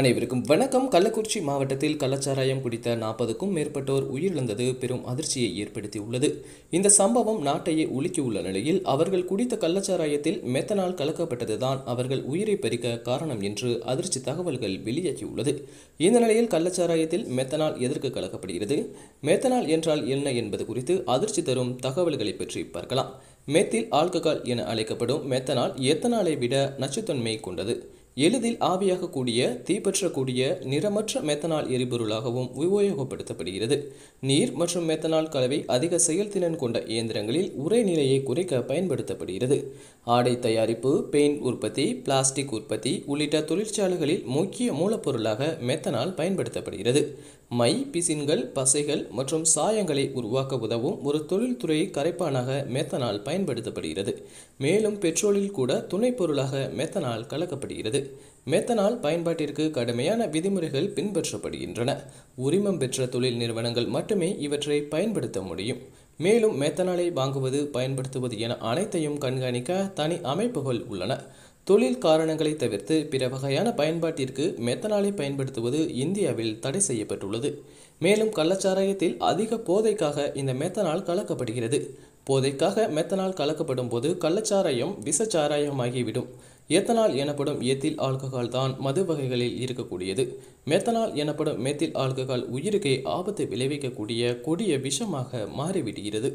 அனைவருக்கும் வணக்கம் கள்ளக்குறிச்சி மாவட்டத்தில் கள்ளச்சாராயம் குடித்த நாற்பதுக்கும் மேற்பட்டோர் உயிரிழந்தது பெரும் அதிர்ச்சியை ஏற்படுத்தி உள்ளது இந்த சம்பவம் நாட்டையே உலுக்கியுள்ள நிலையில் அவர்கள் குடித்த கள்ளச்சாராயத்தில் மெத்தனால் கலக்கப்பட்டதுதான் அவர்கள் உயிரை பறிக்க காரணம் என்று அதிர்ச்சி தகவல்கள் வெளியாகியுள்ளது இந்த நிலையில் கள்ளச்சாராயத்தில் மெத்தனால் எதற்கு கலக்கப்படுகிறது மெத்தனால் என்றால் என்ன என்பது குறித்து அதிர்ச்சி தரும் தகவல்களை பற்றி பார்க்கலாம் மெத்தில் ஆல்கஹால் என அழைக்கப்படும் மெத்தனால் எத்தனாலை விட நச்சுத்தன்மை கொண்டது எளிதில் ஆவியாகக்கூடிய தீப்பற்றக்கூடிய நிறமற்ற மெத்தனால் எரிபொருளாகவும் உபயோகப்படுத்தப்படுகிறது நீர் மற்றும் மெத்தனால் கலவை அதிக செயல்திறன் கொண்ட இயந்திரங்களில் உரை நிலையை குறைக்க பயன்படுத்தப்படுகிறது ஆடை தயாரிப்பு பெயிண்ட் உற்பத்தி பிளாஸ்டிக் உற்பத்தி உள்ளிட்ட தொழிற்சாலைகளில் முக்கிய மூலப்பொருளாக மெத்தனால் பயன்படுத்தப்படுகிறது மை பிசின்கள் பசைகள் மற்றும் சாயங்களை உருவாக்க உதவும் ஒரு தொழில்துறை கரைப்பானாக மெத்தனால் பயன்படுத்தப்படுகிறது மேலும் பெட்ரோலில் கூட துணை பொருளாக மெத்தனால் கலக்கப்படுகிறது மெத்தனால் பயன்பாட்டிற்கு கடுமையான விதிமுறைகள் பின்பற்றப்படுகின்றன உரிமம் பெற்ற தொழில் நிறுவனங்கள் மட்டுமே இவற்றை பயன்படுத்த முடியும் மேலும் மெத்தனாலை வாங்குவது பயன்படுத்துவது என அனைத்தையும் கண்காணிக்க தனி அமைப்புகள் உள்ளன தொழில் காரணங்களை தவிர்த்து பிற வகையான பயன்பாட்டிற்கு மெத்தனாலை பயன்படுத்துவது இந்தியாவில் தடை செய்யப்பட்டுள்ளது மேலும் கள்ளச்சாராயத்தில் அதிக போதைக்காக இந்த மெத்தனால் கலக்கப்படுகிறது போதைக்காக மெத்தனால் கலக்கப்படும் போது கள்ளச்சாராயம் விசச்சாராயமாகிவிடும் ஆகிவிடும் ஏத்தனால் எனப்படும் ஏத்தில் ஆல்கஹால் தான் மது வகைகளில் இருக்கக்கூடியது மெத்தனால் எனப்படும் மேத்தில் ஆல்கஹால் உயிருக்கே ஆபத்தை விளைவிக்கக்கூடிய கொடிய விஷமாக மாறிவிடுகிறது